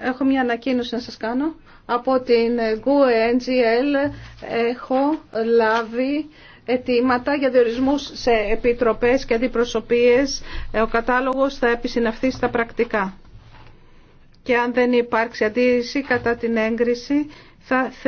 έχω μια ανακοίνωση να σας κάνω. Από την GUE έχω λάβει αιτήματα για διορισμούς σε επιτροπές και αντιπροσωπείες. Ο κατάλογος θα επισυναυθεί στα πρακτικά. Και αν δεν υπάρξει αντίρρηση κατά την έγκριση θα